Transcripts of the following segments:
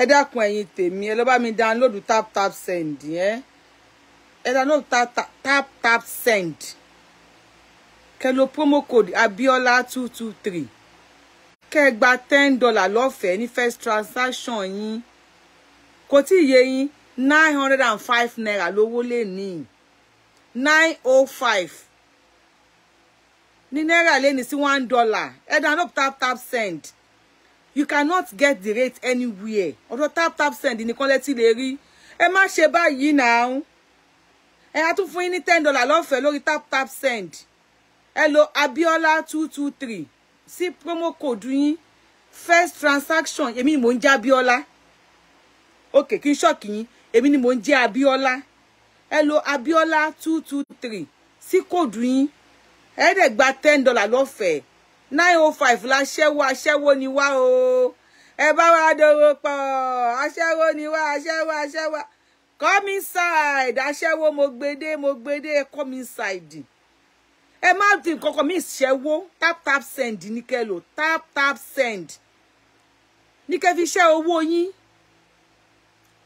ẹ dákun ẹ̀yin tèmi ẹ lọ bá mi download tap tap send yẹn ẹ download tap tap tap send kẹ promo code abiola two two three kẹ gba ten dollar lọ́fẹ̀ẹ́ ní first transaction yín kò tí ì yé yín nine hundred and five naira lówó lè ní nine oh five ní náírà lé ní sí one dollar ẹ download tap tap send you cannot get the rate anywhere ọ̀dọ̀ tap tap send nìkan lẹ́tí lè rí ẹ má ṣe báyìí náà ẹ á tún fún yín ní ten dollar lọ́fẹ̀ẹ́ lórí tap tap send ẹ lo abiola two two three sí promo code yín first transaction èmi ni mò ń jẹ́ abiola ok kí n ṣọ́ọ̀kì yín èmi ni mò ń jẹ́ abiola ẹ lo abiola two two three sí code yín ẹ dẹ̀ gba ten dollar lọ́fẹ̀ẹ́ nine oh five láṣẹ́wó aṣẹ́wó ni wá o ẹ bá wa dòwò pọ̀ aṣẹ́wó ni wá aṣẹ́wó aṣẹ́wó come inside aṣẹ́wó mo gbede mo gbede come inside ẹ má ti nǹkankan mi ṣẹ́wó tap tap send ní kẹ́ tap tap send ní kẹ́ fi ṣẹ́ owó yín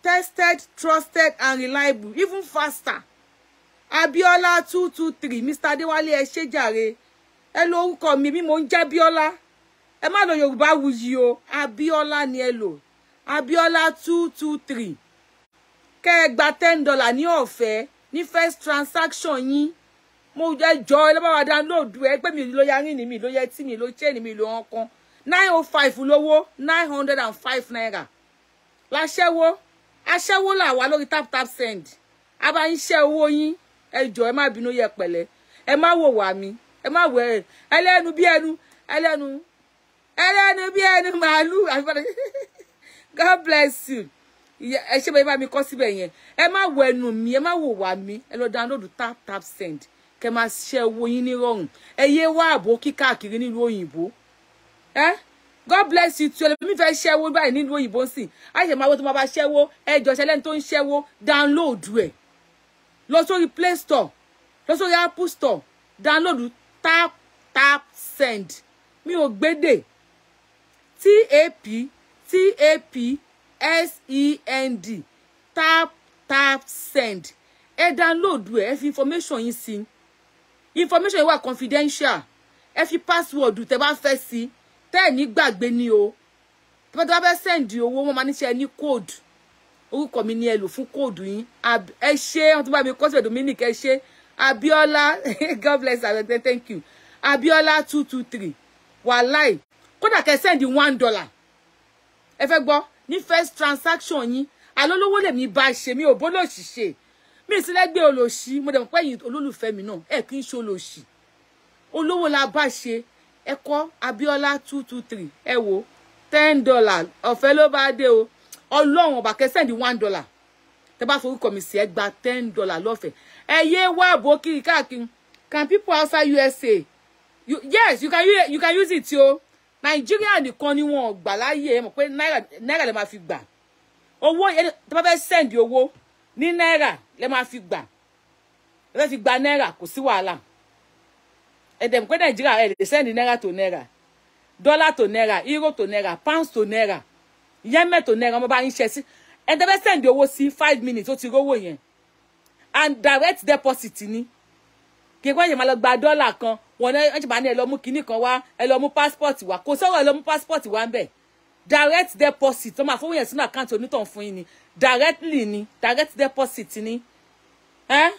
tested trusted and reliable even faster Abiola two two three Mr. Adewale ẹ ṣé jàre ẹ lo orúkọ mi bí mo ń jẹ́ bíọ́lá ẹ má lo yorùbá wuyì o abíọ́lá ni ẹ lò abíọ́lá two two three kẹ́ ẹ gba ten dollar ní ọ̀fẹ́ ní first transaction yín mo jẹ́ jọ ẹ lọ́ba wa download ẹ pé mi ló yarí ni mi ló yẹ tí mi ló chain mi ló hàn kan nine oh five lówó nine hundred and five naira láṣẹ́wó aṣẹ́wó là wá lórí tap tap send a bá ń ṣẹ́ owó yín ẹ jọ ẹ má bínú yẹpẹ̀lẹ́ ẹ má wò wá mi ẹ má wẹ̀ ẹ́ ẹlẹ́nu bí ẹnu ẹlẹ́nu ẹlẹ́nu bí ẹnu God bless you ẹ ṣe bẹ́ẹ̀ bá mi kọ́ síbẹ̀ yẹn ẹ má wọ ẹnu mi ẹ má wò wá mi ẹ lọ download tap tap send kẹ máa ṣe owó yín ní rọrùn ẹ yé wá àbò kíkàkiri nílùú òyìnbó ẹ God bless you To let me tí olùbí fẹ́ ṣẹ́wó báyìí nílùú òyìnbó sì àyè máa wo tó máa bá ṣẹ́wó ẹ jọ ṣẹlẹ́ni tó ń ṣẹ́wó download ẹ lọ sórí Play Store lọ sórí Apple Store download tap tap send mi ò gbédè tap tap send tap tap send ẹ e download ẹ ẹ fi information yín sí information yín wà confidential ẹ fi password tẹ́ bá fẹ́ sí tẹ́ ẹ ní gbàgbé ni o tẹ́ bá fẹ́ send owó wọn máa ní ṣe ẹ ní code orúkọ mi ni ẹ lò fún kóòdù yín ẹ ṣe wọn tún bá mi kọ́sẹ̀ dominic ẹ ṣe Abiola, God bless her, thank you. Abiola two two three. Wàláì. Kódà kẹ́ one dollar. Ẹ fẹ́ gbọ́ first transaction yín. Alólówó mi bá ṣe mi ò bólòṣìṣe. Mi ì sí lẹ́gbẹ́ olòṣì. Mo dẹ̀ mọ̀ pé ẹ̀yin olólùfẹ́ mi náà ẹ̀ kì í ṣe olòṣì. Olówó la bá ṣe. Ẹ kọ́ Abiola two two three. Ẹ wo ten dollar ọ̀fẹ́ ló ba de o. Ọlọ́run ba kẹ́ send one dollar. Tẹ́ bá forúkọ mi sí ẹ gba ten dollar lo fe ẹ yé wá àbò can people outside USA you, yes you can use, you can use it o Nàìjíríà nìkan ni wọn gbà láyè ẹ mọ̀ pé Naira, lè máa fi gbà owó yẹn tó send owó ní Naira lè máa fi gbà lè fẹ́ fi gba náírà kò sí wàhálà ẹ̀dẹ̀ mọ̀ pé Nàìjíríà ẹ̀ lè send naira to naira, dollar to naira, euro to naira, pounds to naira, yen tó naira. Mo ba ń ṣe sí ẹ̀dẹ̀ fẹ́ send owó sí five minutes O ti rówó yen and direct deposit ni kí n kọ́ yẹn máa lọ gba dọ́là kan wọn náà wọ́n ti máa ní ẹ lọ mú kinní kan wá ẹ lọ mú passport wá kò sọ̀rọ̀ ẹ lọ mú passport wá ń direct deposit wọ́n máa fowó yẹn sínú àkáǹtì onítàn fún yín ni directly ni direct deposit ni ẹ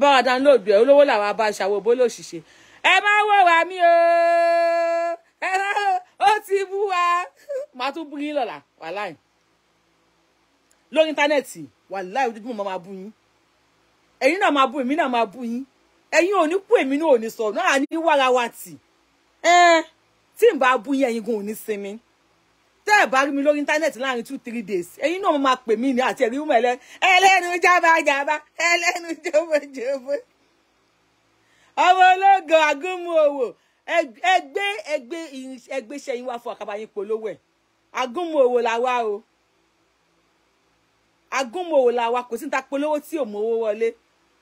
bá wa download ẹ olówó làwọn abá ṣàwọ bó ló ṣìṣe ẹ má wò wá mí o ẹ má ó ti bú wa màá tún bú yín lọ́la wàláì lórí íńtánẹ́ẹ̀tì wàláì ojoojúmọ́ máa bú yín ẹ̀yin náà máa bú èmi náà máa bú yín ẹ̀yin ò ní kú èmi náà ò ní sọ̀rọ̀ náà ní wàrà wa tì tí n bá bú yín ẹ̀yin gan ò ní sinmi tẹ́ ẹ̀ bá rí mi lórí íńtánẹ́ẹ̀tì láàrin two three days ẹ̀yin náà máa pè mí ní àti ẹ̀rí mọ̀ ẹlẹ́nu jábàjábà ẹlẹ́nu jẹ́bọ̀jẹ́bọ̀ ọmọ ológo agúnmu òwò ẹgbẹ́ ẹgbẹ́ ẹgbẹ́ sẹ́yìn wá fún àkàbà yín polówó ẹ̀ agúnmu òwò làwa o agúnmu òwò làwa kò sí ní ta polówó tí ò mọ owó wọlé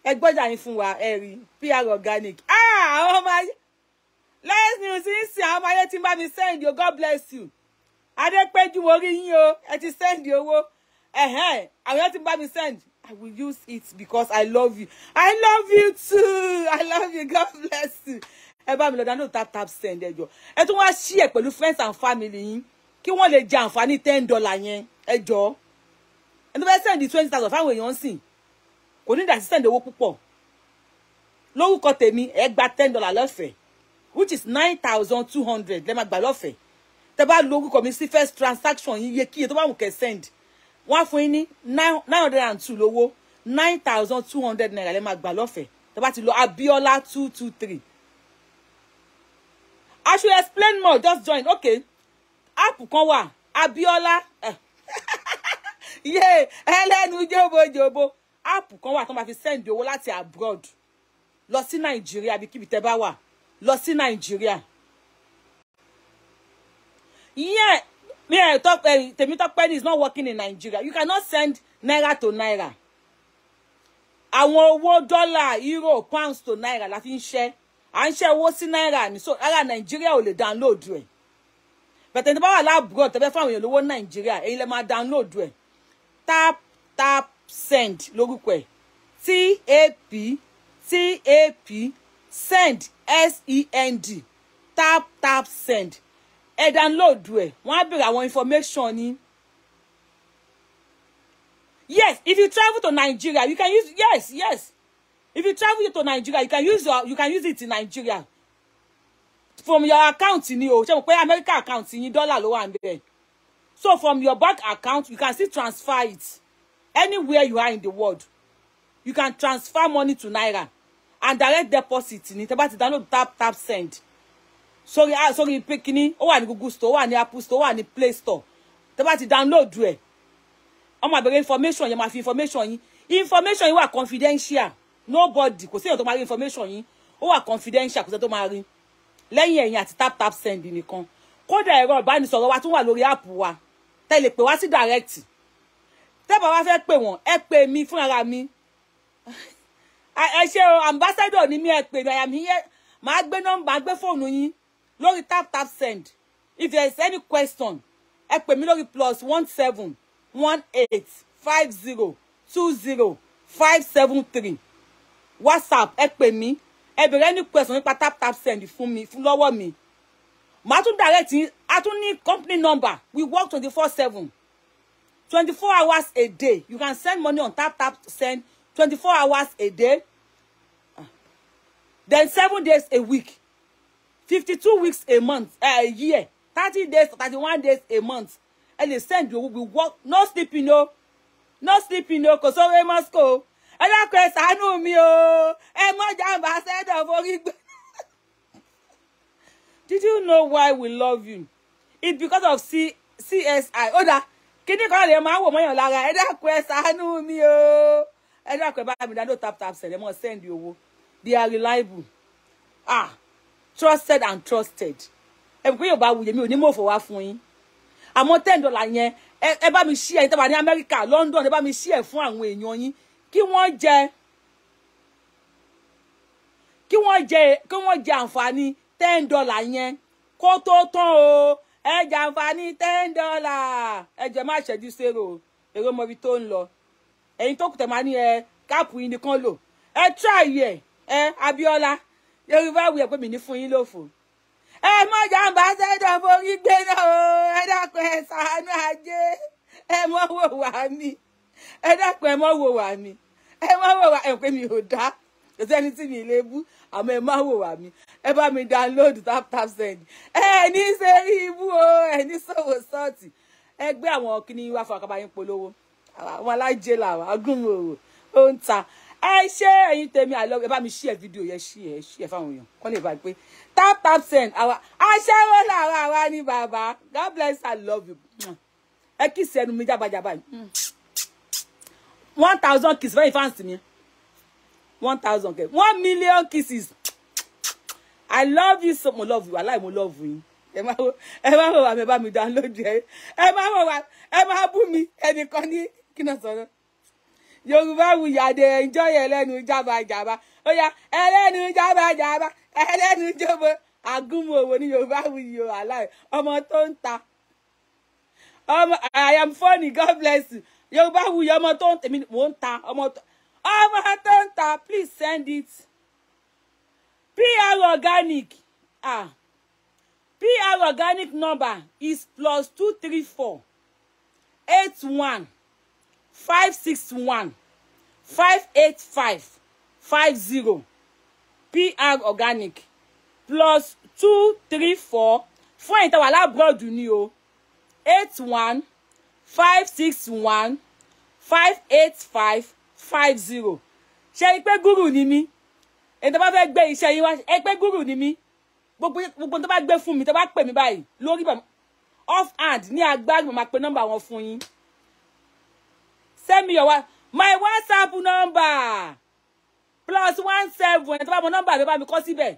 ẹ gbọ́jà yín fún wa ẹ rí pr organic ah, àwọn ọmọ ayé lẹ́yìn ní sí ń sin àwọn ọmọ ayé tí bá mi send you. god bless you adépẹ́jú mo rí yín o ẹ ti send owó ẹ̀hẹ́n àwọn tí ń bá mi send i will use it because i love you i love you too i love you god bless you ẹ bá mi lọ dáná tap tap send ẹjọ ẹ tún wá ṣí ẹ pẹ̀lú friends and family yín kí wọ́n lè jẹ àǹfààní ten dollar yẹn ẹjọ ẹni tó fẹ́ send twenty thousand fáwọn èèyàn sìn onídàásí send owó púpọ̀ lórúkọ tèmi ẹ gba ten dollar lọ́fẹ̀ẹ́ which is nine thousand two hundred lẹ́ẹ̀ máa gbà lọ́fẹ̀ẹ́ tẹ bá lo orúkọ mi sí first transaction yìí iye kíyè tó bá wù kẹ́ send wọ́n á fún yín ní nine hundred and two lówó nine thousand two hundred naira lẹ́ẹ̀ máa gbà lọ́fẹ̀ẹ́ tẹ bá ti lo Abiola two two three I should explain more just join okay app kan wà Abiola eh. yé ẹlẹ́nu jóbojóbo áàpù kan wà tó máa fi send owó láti abroad lọ Nigeria, nàìjíríà bí kíbi tẹ́ bá wà lọ sí nàìjíríà yẹn mi ẹ Temi ẹ Temitope is not working in Nigeria you cannot send naira to naira àwọn owó dollar, euro pounds to naira la fi ń ṣe à ń ṣe naira. sí náírà ní so ara nàìjíríà ò lè download rẹ̀ bẹ̀tẹ̀ ní bá wà láàbùrọ̀ tẹ́fẹ́ fáwọn èèyàn lówó nàìjíríà èyí lè máa download rẹ̀ tap tap send lórúkọ ẹ̀ tap tap send send tap tap send ẹ download ẹ wọ́n á béèrè àwọn information ni yes if you travel to Nigeria you can use yes yes if you travel to Nigeria you can use your you can use it in Nigeria from your account ni o ṣe mo pé America account yín dọ́là ló wà níbẹ̀ so from your bank account you can still transfer it anywhere you are in the world you can transfer money to naira and direct deposit ní tẹ́ bá ti download tap tap send sórí ah, sórí pikini ó wà ní google store ó wà ní apple store ó wà ní play store tẹ́ bá ti download rẹ̀ ọmọ àbẹ̀rẹ̀ information yẹn máa fi information yín information yín wà confidential nobody kò sí èèyàn tó máa rí information yín ó wà confidential kò sí èèyàn tó máa rí lẹ́yìn ẹ̀yìn àti tap tap send nìkan kódà ẹ̀rọ ìbánisọ̀rọ̀ wa tún wà lórí app wa tẹ́ lè pè wá sí direct tẹ́bà wá fẹ́ pè wọ́n ẹ pè mí fúnra mi ẹ ṣe o ambassador ni mí ẹ pè mí àyàmí yẹ màá gbé nọ́mbà gbé fóònù yín lórí tap tap send if there is any question ẹ pè mí lórí plus one seven one eight five zero two zero five seven three whatsapp ẹ pè mí ẹ bèrè any question nípa tap tap send fún mi fún lọ́wọ́ mi màá tún direct yín a tún ní company number we work twenty four seven. 24 hours a day. You can send money on tap tap send 24 hours a day. Ah. Then seven days a week. 52 weeks a month, uh, a year. 30 days, 31 days a month. And they send you, we work, no sleeping, no. No sleeping, no, because we must go. And that quest, I know me, oh. And my ambassador for it. Did you know why we love you? It's because of C CSI. Oh, that kíní kan lè máa wò mọ́yàn lára ẹ dákun ẹ ṣàánú mi o ẹ dákun ẹ bá mi dáná tap tap sẹ̀lẹ̀ mọ́ send owó they are reliable ah trusted and trusted ẹ̀bùn pé yóò bá wuyè mi ò ní mò fọwọ́ fún yín àmọ́ ten dollar yẹn ẹ bá mi ṣí ẹ tẹ́wà ní Amẹ́ríkà London ẹ bá mi ṣí ẹ fún àwọn èèyàn yín kí wọ́n jẹ kí wọ́n jẹ kí wọ́n jẹ àǹfààní ten dollar yẹn kó tó tán o. ẹjà jàǹfààní ten dollar ẹ má ṣẹ́jú sérò èrò mọbi tó ń lọ ẹyin tó kù máa ní ẹ káàpù yìí nìkan lò ẹ tíráyì ẹ ẹ Yorùbá wù ẹ pé mi ní fún yín lófo ẹ mọ jàǹbá sẹ́dọ̀ forí gbé náà o ẹ ẹ ẹ bá mi download tap tap send ẹni ṣe rí ibú o ẹni ṣòwò sọ́ọ̀tì ẹ gbé àwọn kíní wá fún akábáyín polówó àwọn alájẹ làwọn agúnmòrò ó ń ta ẹ ṣe ẹyin tèmi àlọ ẹ bá mi ṣí ẹ fídíò yẹn ṣí ẹ ṣí ẹ fáwọn èèyàn kọ́ lè bá pé tap tap send àwa aṣẹ́wó làwọn àwa ni bàbá God bless I love you ẹ kì í sẹ́nu mi jábàjábà yìí one thousand kisses fẹ́yìn fáǹsì mi one thousand kisses one million kisses i love you so mo love you I aláì mo love yín ẹ máa ẹ máa wọ àmì ẹ bá mi download ẹ ẹ máa wọ wa ẹ máa bú mi ẹnìkan ní kí náà sọ̀rọ̀ yorùbá wuyàdé enjoy ẹlẹ́nu jábàjábà ó yá ẹlẹ́nu jábàjábà ẹlẹ́nu jọbọ àgúnmu òwò ní yorùbá wuyì o aláì ọmọ tó ń ta ọmọ i am funny god bless you yorùbá wuyì ọmọ tó ń tèmi mò ń ta ọmọ tó ń ta please send it. PR organic ah PR organic number is plus two three four eight one five six one five eight five five zero PR organic plus two three four fún ẹ̀yin tó wà lábúròdù ni o eight one five six one five eight five five zero ṣe é pé gúrù ni mí èyí tó bá fẹ́ gbé iṣẹ́ yín wá ẹ pé gúrù ni mí gbogbo tó bá gbé fún mi tó bá pè mí báyìí lórí bàmí off hand ní agbárí mo máa pe nọ́mbà wọn fún yín send me your my whatsapp number plus one seven ẹni tó bá mọ nọ́mbà mi bá mi kọ síbẹ̀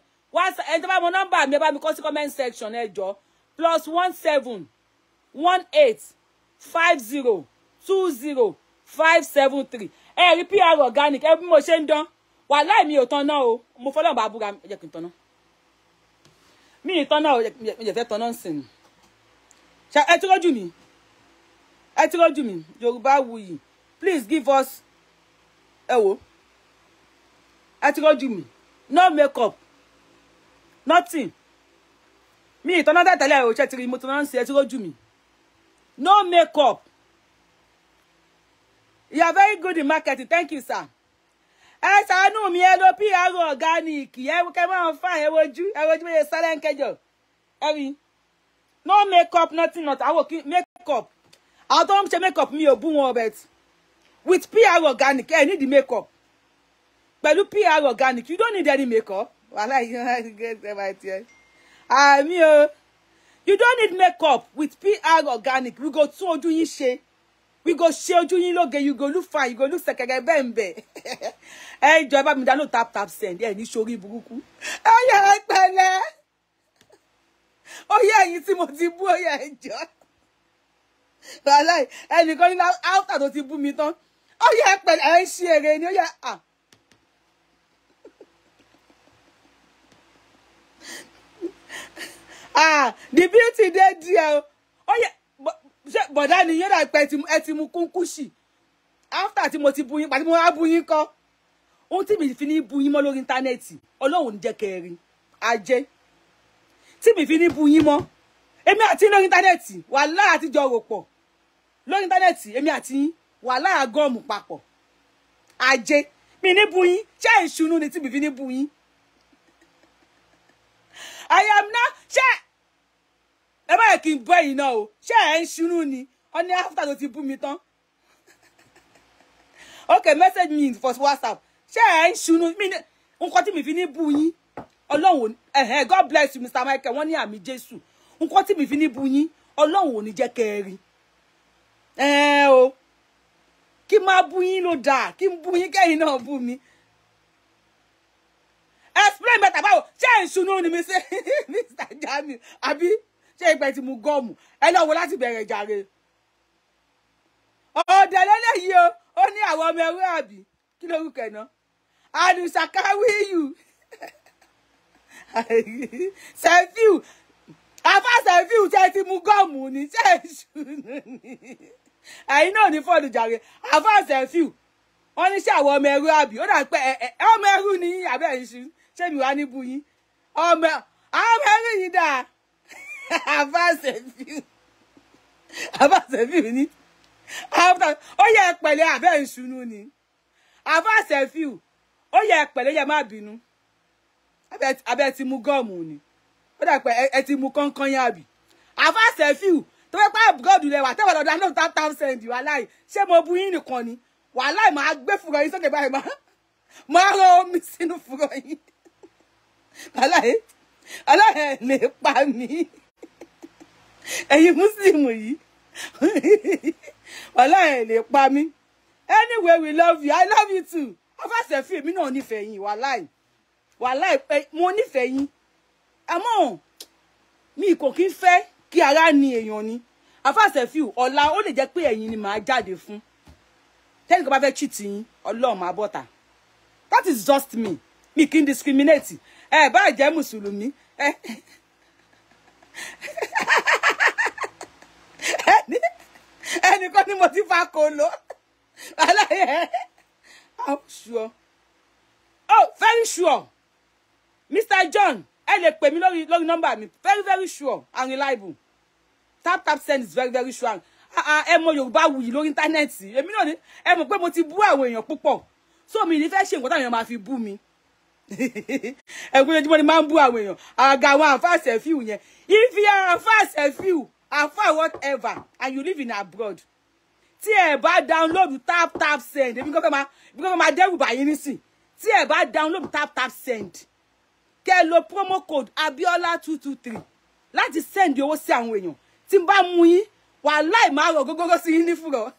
ẹni tó bá mọ nọ́mbà mi bá mi kọ sí comment section ẹ jọ plus one seven one eight five zero two zero five seven three ẹ rí pr organic ẹ bí mo ṣe ń dán wàláì mi ò tanná o mo fọlọ́run bá búra ẹ jẹ́ kí n tanná mi ì tanná o mi ì fẹ́ tanná ń sìn ẹ tí lójú mi ẹ tí lójú mi yorùbá wuyì please give us ẹ wo ẹ tí lójú mi no make up nothing mi ì tanná tẹ̀tẹ̀lẹ̀ o ṣe ti rí mo tanná ń sìn ẹ tí lójú mi no make up you are very good in marketing thank you sir ẹ ṣàánú mi ẹ lo pr organic ẹ kẹ máa fà ẹ wojú ẹ wojú bẹ́ẹ̀ sálẹ̀ ń kẹjọ ẹ rí no make up nothing not àwọn kì make up àwọn tó ń ṣe make up mi ò bú wọn ọbẹ̀ tí with pr organic ẹ need make up pẹ̀lú pr organic you don't need any make up wàhálà yìí wọn gẹ́gẹ́ ẹ máa tiẹ̀ àmì o you don't need make up with pr organic we go tún ojú yín ṣe we go ṣe ojú yín lóge you go look fine you go look sẹkẹkẹ bẹ́ẹ̀ ń bẹ̀ ẹ jọ ẹ bá mi dáná tap tap send ẹ ní sórí burúkú ẹ yẹ ẹ pẹ̀lẹ́ ó yẹ ẹ̀yin tí mo ti bú ó yẹ ẹ jọ wàhálà ẹnìkan ní áùtà tó ti bú mi tán ó yẹ ẹ pẹ̀lẹ́ ẹ ń ṣe eré ni ó yẹ à. ah the beauty dey there Oh yeah ṣé bọ̀dá ni yóò dà pé ẹ ti mu kúnkúṣì after tí mo ti bu yín pàtí mo wá bu yín kọ́ ohun tí mi fi ní bu yín mọ́ lórí íńtánẹ́ẹ̀tì ọlọ́run jẹ́ kẹrin ajé tí mi fi ní bu yín mọ́ èmi àti lórí íńtánẹ́ẹ̀tì wàhálà àtijọ́ rò pọ̀ lórí íńtánẹ́ẹ̀tì èmi àti wàhálà àgọ́ọ̀mù papọ̀ ajé mi ní bu ṣé ìṣúnú ni tí mi fi ní bu yín I am not ṣé ẹ báyìí kí n bọ́ ẹ̀yìn náà o ṣé ẹ̀ ń ṣunú ni ọ ní after tó ti bú mi tán okay message me for whatsapp ṣé ẹ̀ ń ṣunú mi ní nǹkan tí mi fi ní bú yín ọlọ́run ẹ̀hẹ́ god bless you mr michael wọ́n ní àmì jésù nǹkan tí mi fi ní bú yín ọlọ́run ò ní jẹ́ kẹ́ ẹ rí ẹ o kí n máa bú yín ló dáa kí n bú yín kẹ́yìn náà bú mi explain better báwo ṣé ẹ̀ ń ṣunú ni mi ṣe mr jamiu àbí ṣé ìpẹ́ ti mu gọ́ọ̀mù ẹ lọ wo láti bẹ̀rẹ̀ jàre ọ̀dẹ lélẹ́yìí o ó ní àwọn ọmọ ẹwé àbí kí lórúkọ ẹ̀ náà àdùsàkáwíyù sẹ́fíù afá sẹ́fíù tẹ́ ti mu gọ́ọ̀mù ní ṣẹ́ẹ̀ṣù ẹ̀yin náà ní fọ́ọ̀dù jàre afá sẹ́fíù wọ́n ní ṣe àwọn ọmọ ẹrú àbí ó dà pé ọmọ ẹrú ni yín àbẹ́ ẹ̀ ń ṣe ṣé mi wá níbu yín ọmọ ẹrú yìí dáa àbáṣẹ́fíù ní ó yẹ pẹ̀lẹ́ àbẹ́ ìṣúnú ni àbáṣẹ́fíù ó yẹ pẹ̀lẹ́ yẹ má bínú abẹ́ ti mu gọ́ọ̀mù ni ó dà pé ẹ ti mu kánkán yá bì àbáṣẹ́fíù tó fẹ́ pẹ́ gọ́ọ̀dù lẹ́wà tẹ́wọ̀n lọ́dọ̀ àná tá tá sẹ́ndì wàláì ṣé mo bu yín nìkan ni wàláì máa gbé fúrọ̀ yín sókè báyìí máa rọ omi sínú fúrọ̀ yín wàláì aláìlè pa mí ẹ̀yin muslim yìí wàhálà ẹ̀ lè pa mí anyway we love you i love you too afásẹ̀fì èmi náà nífẹ̀ẹ́ yín wàláì wàláì pé mo nífẹ̀ẹ́ yín àmọ́ mi kò kí ń fẹ́ kí ara ni èèyàn ni afásẹ̀fì ọ̀la ó lè jẹ́ pé ẹ̀yin ni màá jáde fún tẹ́nìkan bá fẹ́ cheat yín ọlọ́run máa bọ́ta that is just me Me kì í discriminate ẹ bá jẹ́ mùsùlùmí ẹ. ẹnìkan ni mo ti fa kò lò aláyẹ i'm sure oh very sure mr john ẹ lè pè mí lórí lórí nọ́mbà mi very very sure and reliable tap tap send is very very sure ah, ah, ẹ mọ yorùbá wuyì lórí íńtánẹ́ẹ̀tì èmi náà ni ẹ mọ̀ pé mo ti bú àwọn èèyàn púpọ̀ so mi ní fẹ́ ṣe nǹkan táwọn èèyàn máa fi bú mi ẹ̀kúnjẹ́júmọ́ ni máa ń bú àwọn èèyàn àgàwọn àǹfààṣẹ̀ yẹn ìfi àǹfààṣẹ̀ àfà whatever and you live in abroad tí ẹ bá download tap tap send ebi kankan máa ebi kankan máa dẹ́rù bàyín nísìn tí ẹ bá download tap tap send kẹ́ lo promo code abiola two two three láti send owó sí àwọn èèyàn tí n bá mú yín wàhálà ìmọ̀ àrò gógóró sí yín ní fúrọ̀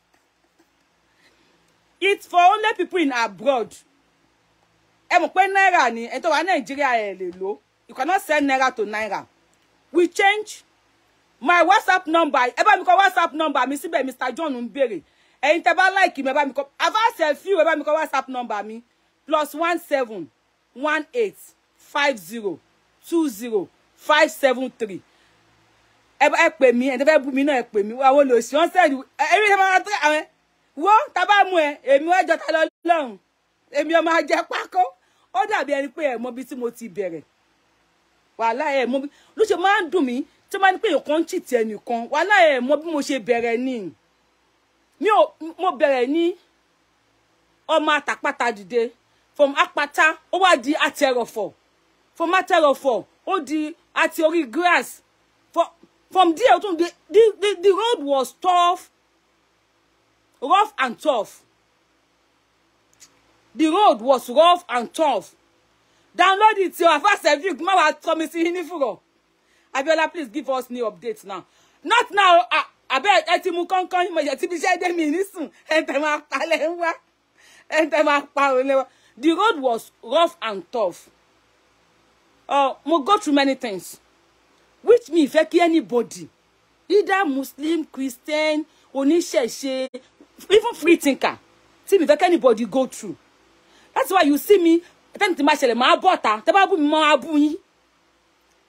it's for only people in abroad E mo pé naira ni ẹ tó wà Nigeria ẹ lè lò you cannot send naira to naira we change my whatsapp number ẹ bá mi kọ whatsapp number mi síbẹ̀ mr john ń béèrè ẹ̀yin tẹ́ bá láìkì mi ẹ bá mi kọ avance few ẹ bá mi kọ whatsapp number mi plus one seven one eight five zero two zero five seven three ẹ ẹ pè mí ẹ tẹ́ fẹ́ bú mi náà ẹ pè mí àwọn olùsí wọn sẹ́ẹ̀dì ẹ̀rí ẹ̀ máa tẹ́ àwọn wo tá a bá mú ẹ èmi wọ́n jọ ta lọ lọ́hùn èmi ọmọ ajẹ́ pákó ó dàbí ẹni pé ẹ̀ mọ bí tí mo ti bẹ̀rẹ̀ wàhálà ẹ̀ mọ bí ló ṣe máa ń dùn mí tó bá ní pé èèyàn kan ń chìtì ẹnìkan wàhálà ẹ̀ mọ bí mo ṣe bẹ̀rẹ̀ ni mi ò mo bẹ̀rẹ̀ ní ọmọ àtàpátá dìde from apata ó wá di atẹrọ̀fọ̀ from atẹrọ̀fọ̀ ó di àti orí grass from, from there ó tún the, the the road was tough rough and tough the road was rough and tough download it o afa sevik má wàá tọ́ mi sí Abiola, please give us new updates now. Not now. Abeg, ẹ ti mu kánkán mo yẹ ti bí iṣẹ́ dé mi nísùn. Ẹ tẹ̀ máa pa lẹ́ wá. Ẹ The road was rough and tough. Oh, we go through many things. Which me fẹ́ anybody either Muslim, Christian, oníṣẹ̀ṣe, even free thinker tí mi fẹ́ anybody go through. That's why you see me Then tí ma ṣẹlẹ̀ máa bọ̀ ta tẹ́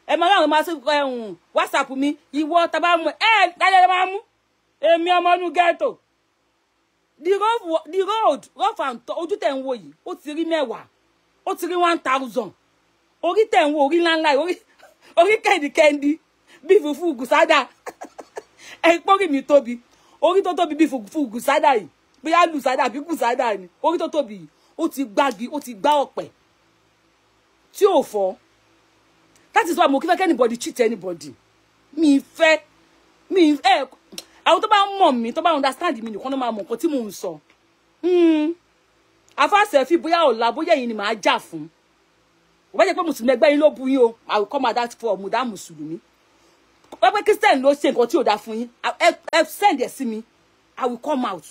ẹ máa láwọn máa sí ẹhùn whatsapp mi ìwọ tàbá mú ẹ dájọ́ ló máa mú èmi ọmọ inú ghetto the road rough and tough ojú tẹ̀ ń wò yìí ó ti rí mẹ́wàá ó ti rí one thousand orí tẹ̀ ń wò orí ńláńlá yìí orí kẹ́ndìkẹ́ndì bí fùfú gùsádà ẹ pọ́nrí mi tóbi orí tó tóbi bí fùfú gùsádà yìí bóyá lùsádà bí gùsádà ni orí tó tóbi yìí ó ti gbági ó ti gbá ọ̀pẹ̀ tí ò fọ́ that is why mo kí fẹ́ kẹ́ anybody cheat anybody mi fẹ́ mi ẹ eh, àwọn tó bá ń mọ̀ mí tó bá understand mi nìkan ló máa mọ̀ nǹkan tí mò ń sọ hmm. afáṣẹ́fì bóyá ọ̀la bóyá èyí ni màá jà fún kò bá jẹ́ pé mùsùlùmí ẹgbẹ́ yín ló bu yín o I will come at that for mùdá mùsùlùmí wọ́n pé Christian ló ṣe nǹkan tí ò dáa fún yín ẹ send ẹ̀ sí mi I will come out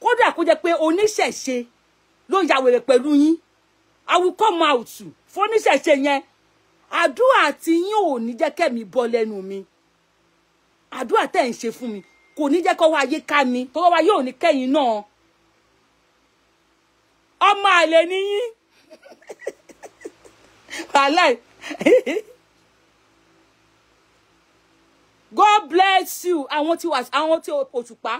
kódà kó jẹ́ pé oníṣẹ̀ṣe ló ya wèrè pẹ̀lú yín I will come out fún oníṣẹ̀ṣe yẹn àdúrà tí yín ò ní jẹ́ kẹ́mi bọ́ lẹ́nu mi àdúrà tẹ̀ ń ṣe fún mi kò ní jẹ́ kọ́wọ́ ayé ká mi tọ́wọ́ wa yóò ní kẹ́yìn náà ọmọ àlè ni yín wàhálà God bless you àwọn tí àwọn tí òṣùpá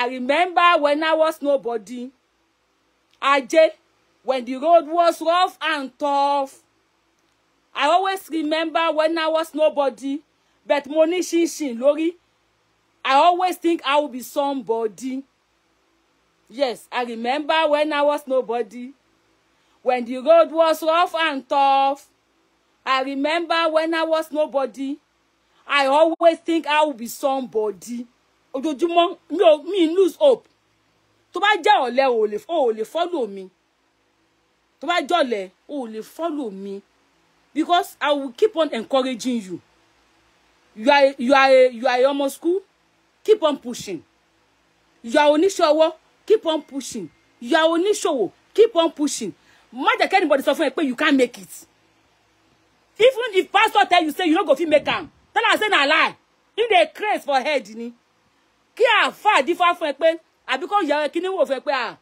I remember when I was nobody ajé when the road was rough and tough I always remember when I was nobody, but mo Shin ṣinṣin lórí. I always think I will be somebody. Yes, I remember when I was nobody, when the road was rough and tough. I remember when I was nobody. I always think I will be somebody. Ojoojúmọ́ mi ò mi lose hope. To bá jẹ́ ọ̀lẹ o ò follow me. To bá jọ̀lẹ o ò follow me because I will keep on encouraging you. You are a, you are a, you are a homo school. Keep on pushing. You are oníṣòwò. Keep on pushing. You are oníṣòwò. Keep on pushing. Má jẹ́ anybody sọ you can't make it. Even if pastor tell you say you don't go feel make am, tell am say na lie. In the craze for head ni. Kí àáfàá dífá fún ẹ pé àbí kó yẹ kíní wò fún ẹ pé ah,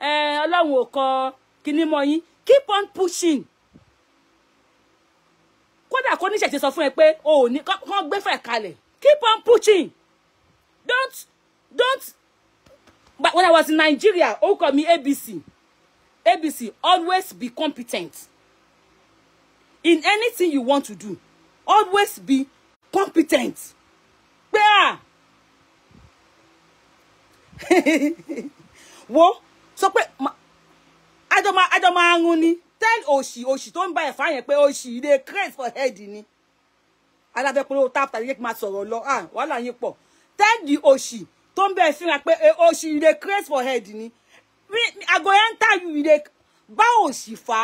eh, Ọlọ́run ò kọ kíní mọ́ yín. Keep on pushing kódà kó níṣẹ́ ti sọ fún ẹ pé o ò ní kán gbé fẹ̀ kalẹ̀ keep on pushing don't don't but when I was in Nigeria ó kọ mi ABC ABC always be competent in anything you want to do always be competent pé à wo sọ pé àjọ máa àjọ máa ń rún ni tell òṣì òṣì tó ń bá ẹ̀fà yẹn pé òṣì dey craze for head ni alábẹ́ pé ó tap tàbí yé kí máa sọ̀rọ̀ lọ ah wàhálà yín pọ̀ tell the òṣì tó ń bẹ fínra pé òṣì dey craze for head ni i go enter you dey bá òṣì fà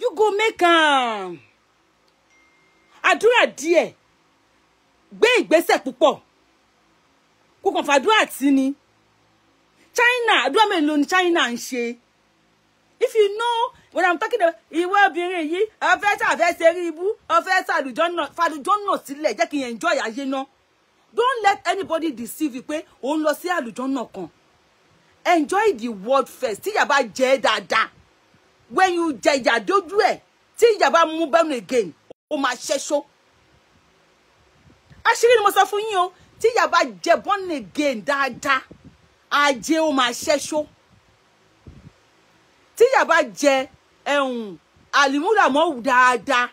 you go make am um, àdúrà díẹ̀ gbé ìgbésẹ̀ púpọ̀ kò kàn fàdúrà tí ni China àdúrà mélòó ni China ń ṣe if you know when i'm talking about ìwé obìnrin yìí ọfẹ́ ṣàfẹ́ ṣeré ibú ọfẹ́ fàlùjọ́nà sílẹ̀ jẹ́ kí n enjoy ayé náà don't let anybody deceive you pé òun lọ sí àlùjọ́nà kan enjoy the world first tí ìyà bá jẹ dáadáa when you jẹ ìyà dójú ẹ̀ tí ìyà bá mú bẹ́nu again ó máa ṣẹ́ṣó àṣírí ni mo sọ fún yín o tí ìyà bá jẹ born again dáadáa ajé ó máa ṣẹ́ṣó tí ìyà bá jẹ ẹ̀hún àlìmúràmọ́ dáadáa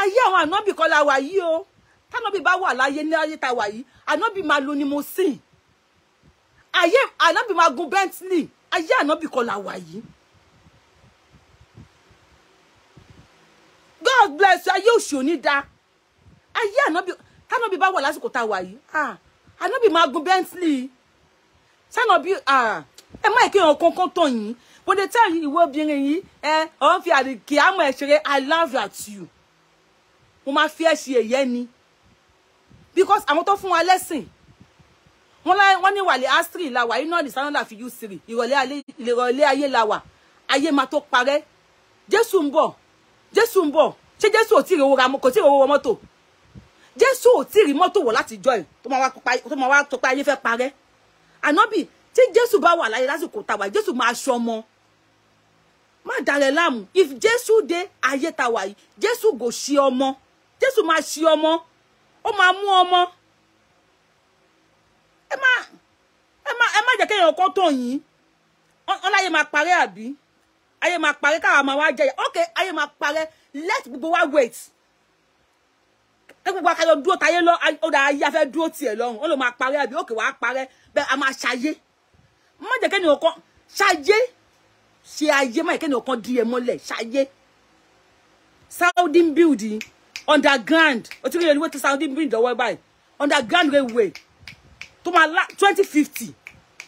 ayé àwọn ànábì kọ́ la wà yìí o tánábì bá wà láyé ní ayé ta wà yìí ànábì máa lo ni mo sìn ayé ànábì máa gun Bentley ayé ànábì kọ́ la wà yìí. God bless you ayé òṣì òní da ayé ànábì tánábì bá wà lásìkò tá a wà yìí ah, ànábì máa gun Bentley tánábì ah, ẹ má ìkéyàn kankan tàn yín but eh, oh, the time you ìwé obìnrin yìí ẹ ọ̀n fi àdìkì àmọ̀ ẹ̀ ṣeré i love at you mo máa fi ẹ́ ṣe èyẹ́ ni because àwọn tó fún wa lẹ́sìn wọ́n láyé wọ́n ní wàlẹ̀ astri la wà iná ìdìsáná là fi u3 ìrọ̀lẹ́ ayé la wà ayé máa tó parẹ́ jésù ń bọ̀ jésù ń bọ̀ ṣé jésù ò tí ì rówó ra kò tí ì rówó wọ mọ́tò jésù ò tí ì rí mọ́tò wọ̀ láti jọ ẹ̀ tó máa wá tó pa ayé fẹ́ parẹ́ ànábì tí jésù bá wà láyé lásìkò tàwa jésù máa ṣọmọ má dàrẹ láàmú if jésù dé ayé ta wà yìí jésù kò ṣe ọmọ jésù máa ṣe ọmọ ó máa mú ọmọ ẹ má ẹ má ẹ má jẹ́ kéèyàn kọ́ tó yín ọláyé máa parẹ́ àbí ayé máa parẹ́ káwa máa wá jẹyà ok ayé máa parẹ́ let gbogbo wa wait gbogbo akayọ dúró tayé lọ ọdọ ayé afẹ dúró tiẹ̀ lọ́rùn ó lọ máa parẹ́ àbí ok wàá parẹ́ bẹ́ẹ̀ a máa ṣayé má jẹ́ kéèyàn kọ́ ṣayé ṣe ayé má ìkẹ́ni ọ̀kan di ẹ mọ́lẹ̀ ṣayé Saudi building underground o ti rí olúwo tó Saudi build lọ́wọ́ báyìí underground railway tó máa la twenty fifty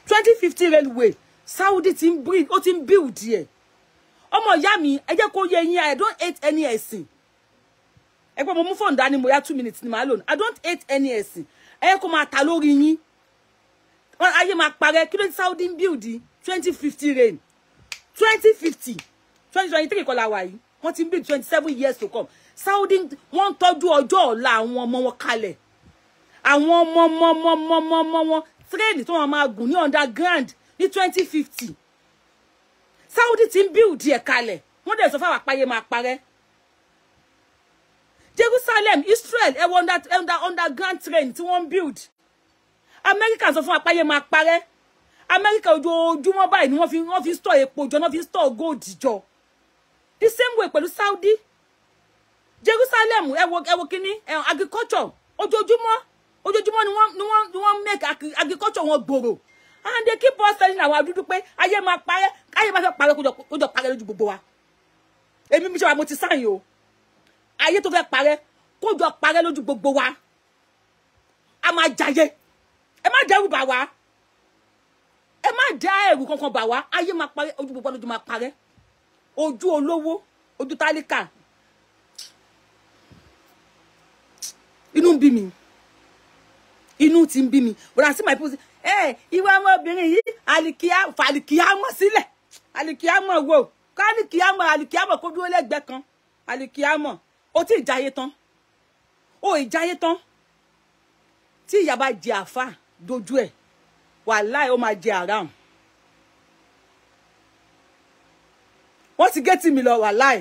twenty fifty railway Saudi ti build ó ti build ẹ̀ Omo ìyá mi ẹ jẹ́ kó yẹ yín I don't hate any ẹ̀sìn ẹ pé mo mú fóònù dání mo ya two minutes ni màá lò I don't hate any ẹ̀sìn ẹ yẹ kó máa ta lórí yín ayé máa parẹ́ kí Saudi build twenty fifty rain 2050, 2023 twenty twenty three kọ́lá wa yìí wọ́n ti ń bí twenty years to come Saudi wọ́n ń tọ́jú ọjọ́ ọ̀la àwọn ọmọ wọn kalẹ̀ àwọn ọmọ ọmọ ọmọ ọmọ ọmọ ọmọ wọn tírẹ́ẹ̀nì tó wọn máa gùn ní underground ní 2050. fifty Saudi ti ń build ẹ̀ kalẹ̀ wọ́n dẹ̀ sọ fáwọn àpáyé máa parẹ́ Jerusalem Israel ẹ̀ under under underground train tí wọ́n build America sọ fún àpáyé máa parẹ́ amẹ́ríkà ojoojúmọ́ báyìí ni wọ́n fi wọ́n fi store epo jọ wọ́n fi store gold jọ the same way pẹ̀lú saudi jerusalem ẹ wo ẹ wo kínní agriculture ojoojúmọ́ ojoojúmọ́ ni wọ́n ni wọ́n ni wọ́n make agriculture wọn gbòòrò and they keep on selling àwọn àdúdú pé ayé máa parẹ́ ayé máa fẹ́ parẹ́ kó jọ parẹ́ lójú gbogbo wa èmi mi ṣe wa mo ti sáyìn o ayé tó fẹ́ parẹ́ kó jọ parẹ́ lójú gbogbo wa a máa jayé ẹ má dẹ́rù bà wá ẹ má dá ẹ̀rù kankan bà wá ayé máa parẹ́ ojú gbogbo lójú máa parẹ́ ojú olówó ojú tálíkà inú ń bí mi inú ti ń bí mi but I see my people ẹ ìwà ọmọbìnrin yìí àlìkíá fàlìkíámọ̀ sílẹ̀ àlìkíámọ̀ wo káàlìkíámọ̀ àlìkíámọ̀ kó dúró lẹ́gbẹ̀ẹ́ kan àlìkíámọ̀ ó ti ìjáyé tán ó ìjáyé tán tí ìyá bá jẹ àáfà dojú ẹ̀ wàláì ó máa jẹ àràm wọ́n ti géètì mi lọ wàláì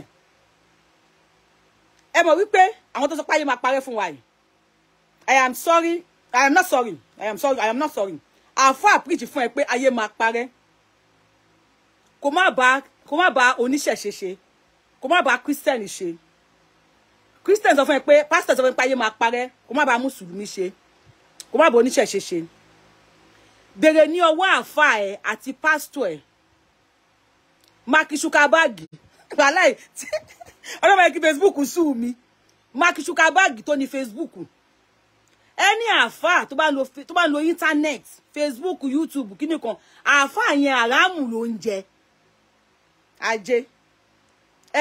ẹ mọ̀ wípé àwọn tó sọ pé ayé máa parẹ́ fún wa yìí I am sorry I am not sorry I am sorry I am not sorry àfọ àpíríjì fún ẹ pé ayé máa parẹ́ kò má bàa kò má bàa oníṣẹ̀ṣe ṣe kò má bàa kírísítẹ̀nì ṣe kírísítẹ̀nì sọ fún ẹ pé pásítọ̀ sọ fún ẹ pé ayé máa parẹ́ kò má bàa mùsùlùmí ṣe kò má bàa oníṣẹ̀ṣe ṣe bèrè ní ọwọ́ àfa ẹ̀ àti pásítọ̀ ẹ̀ Mark Zuckerberg wàláì ọlọ́mọ ẹ̀kí Facebook sú mi Mark Zuckerberg tó ní Facebook ẹni àfa tó bá ń lo internet Facebook YouTube kíni kan àfa yẹn àràmù ló ń jẹ ajé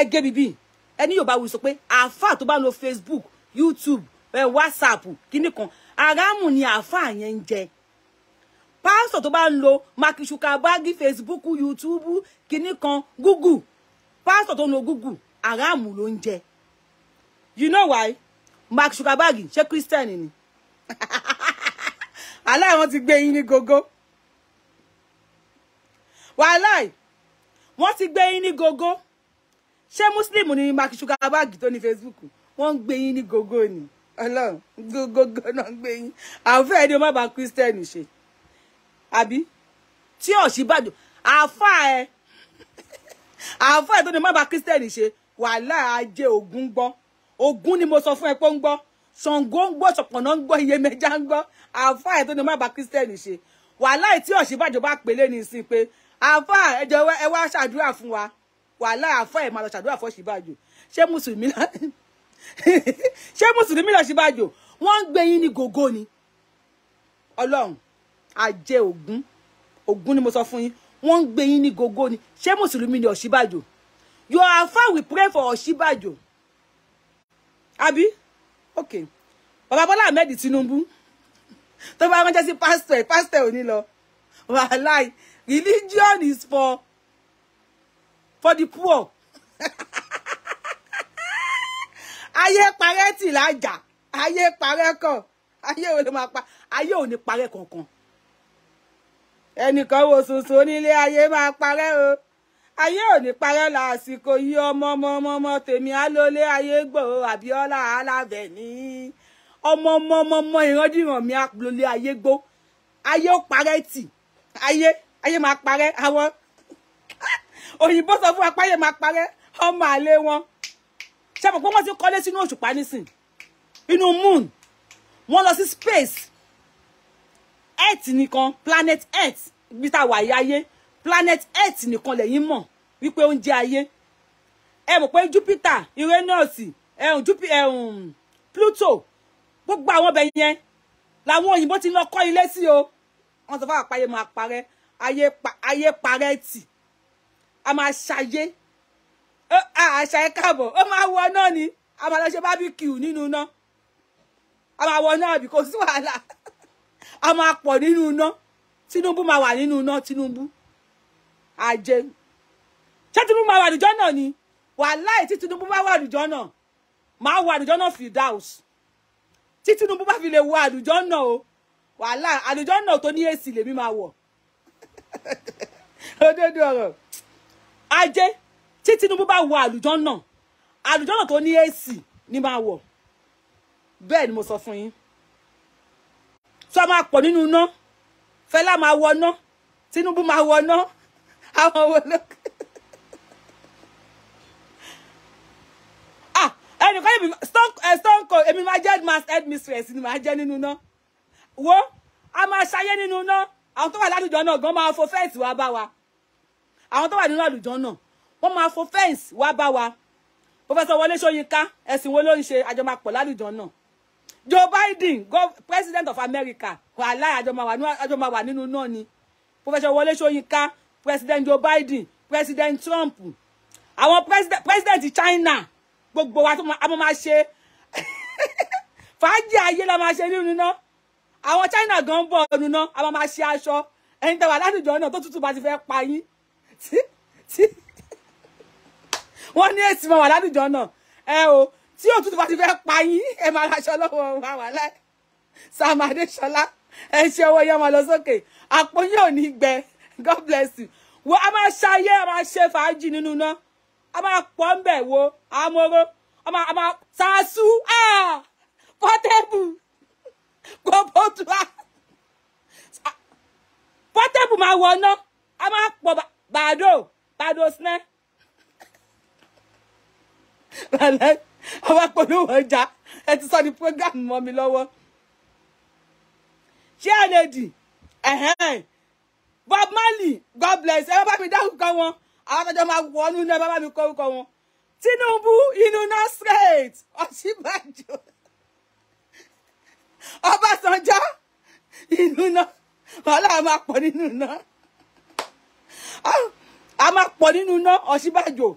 ẹgẹ bíbí ẹni yóò bá wù sọ pé àfa tó bá ń lo Facebook YouTube eh, WhatsApp kíni kan àràmù ni àfa yẹn ń jẹ pásítọ̀ tó bá ń lo mark sukabagi facebook youtube kinní kan google pásítọ̀ tó ń lo google aráàmù ló ń jẹ you know why mark sukabagi ṣé christian ni aláì wọn ti gbé yín ní gógó wàláì wọn ti gbé yín ní gógó ṣé muslim ni mark sukabagi tó ní facebook wọn ń gbé yín ní gógó ni Ọlọ́run gógó náà ń gbé yín àwọn fẹẹ ni ó má christian ṣe àbí tí Ọ̀ṣínbàjò àáfà ẹ àáfà ẹ tó ní má bà kírísítẹ́nì ṣe wàhálà ajé Ògún ń gbọ́ Ògún ni mo sọ fún ẹ pé ó ń gbọ́ Ṣàngó ń gbọ́ Ṣọ̀pọ̀nná ń gbọ́ Iyemẹja ń gbọ́ àáfà ẹ tó ní má bà kírísítẹ́nì ṣe wàhálà tí Ọ̀ṣínbàjò bá pèlé ní ìsìn pé àáfà ẹ jọ̀ọ́ ẹ wá ṣàdúrà fún wa wàhálà àáfà ẹ máa lọ ṣàdúrà fún Ọ̀ṣínbàjò ṣé mùsùlùmí náà ṣé mùsùlùmí lọ ṣíbàjò wọn ń gbé ní gògó ni Ọlọ́run àjẹ ogun ogun ni mo sọ fún yín wọ́n ń gbé yín ní gógó ni ṣé mùsùlùmí ni ọ̀ṣíbàjò your alpha we pray for ọ̀ṣíbàjò abi ok bàbá bọ́lá ahmed tinubu tó bá ránṣẹ́ sí pásítọ̀ ẹ̀ pásítọ̀ ò ní lọ wàhálà religion is for for the poor ayé parẹ́ tì lájà ayé parẹ́ kọ̀ ayé ò lè máa pa ayé ò ní parẹ́ kankan ẹnìkan wo sunsun nílé ayé máa parẹ́ o ayé ò ní parẹ́ lásìkò yìí ọmọ ọmọ ọmọ ọmọ tèmi alólé ayé gbòòrò àbíọ́lá alábẹ̀ ní ọmọ ọmọ ọmọ ọmọ ìrandíran mi alólé ayé gbó ayé ó parẹ́ tì ayé ayé máa parẹ́ àwọn òyìnbó sọ fún wa pé ayé máa parẹ́ ọmọ àlè wọn ṣe mọ̀ pé wọ́n ti kọ́lé sínú òṣùpá nísìn inú moon wọ́n lọ sí space earth nìkan planet earth bí tá wà yí planet earth nìkan lẹ́yìn mọ̀ wípé ó ń jẹ́ ayé ẹ mọ̀ pé jupiter uranus ẹ̀hún eh, jupiter eh, ẹ̀hún um, pluto gbogbo àwọn ọbẹ̀ yẹn làwọn òyìnbó ti lọ kọ́ ilé sí o wọ́n sọ fún àpáyé máa parẹ́ ayé parẹ́ tì a máa ṣayé àṣà ẹ káàbọ̀ ó máa wọ náà ni a máa lọ ṣe bábíkì nínú náà a máa wọ náà bí kò sí wàhálà a máa pọ̀ nínú iná Tinubu máa wà nínú iná Tinubu àjẹ ṣé Tinubu máa wà àlùjọ náà ni wàláì tí Tinubu bá wà àlùjọ náà máa wà àlùjọ náà Firdaus tí Tinubu bá fi lè wọ àlùjọ náà o wàláì àlùjọ náà tó ní èsì lèmi máa wọ̀ òdodo ọ̀rọ̀ ajé tí Tinubu bá wọ àlùjọ náà àlùjọ náà tó ní èsì ni máa wọ̀ bẹ́ẹ̀ ni mo sọ fún yín tó máa pọ̀ nínú iná Fẹlá máa wọná Tinubu máa wọná àwọn wọná. Ah, ẹnìkan èmi eh, stone cold èmi máa jẹ́ headmistress ni máa jẹ́ nínú iná wo a máa ṣayé nínú iná àwọn tó wà lálùjọ náà gan máa fo fẹ́ǹsì wá bá wa àwọn tó wà nínú àlùjọ náà wọ́n máa fo fẹ́ǹsì wá bá wa pọfẹsọ Wọlé Ṣóyínká ẹ̀sìn wo ló ń ṣe àjọmọpọ̀ lálùjọ náà. Joe Biden go president of America who wàhálà àjọmọ wà nínú náà ni Professor Wole Soyinka, president Joe Biden president Trump àwọn president president China gbogbo wa tó a máa ṣe fàájì ayé la ma ṣe nínú náà àwọn China gan bọ̀ nínú náà a máa ṣe aṣọ ẹni tẹwà látijọ́ náà to tútù bá ti fẹ́ pa yín tí tí wọ́n ní ma mọ̀ wà látijọ́ náà ẹ o. tí òtútù bá ti fẹ́ pa yín ẹ máa raṣọ lọ́wọ́ wa wà láì ẹ ṣe owó yẹn máa lọ sókè àpò ní gbẹ God fàájì nínú a máa pọ̀ ń bẹ̀ wo amóró a máa a máa sàásù pọ́tẹ́bù pọ́tẹ́bù máa wọ̀ ná bàdó bàdó sinẹ́. A àwa polówó ọjà ẹ ti sọ ní program mọ́ mi lọ́wọ́ ṣé ẹ lè dì Bob Marley God bless ẹ bá mi dárúkọ wọn àwọn àtọjọ máa wọnú náà bá bá mi kórúkọ wọn Tinubu inú Nasret Ọ̀ṣínbàjò Ọbásanjọ́ inú náà wàhálà a máa pọ̀ nínú náà a máa pọ̀ nínú na. Osibajo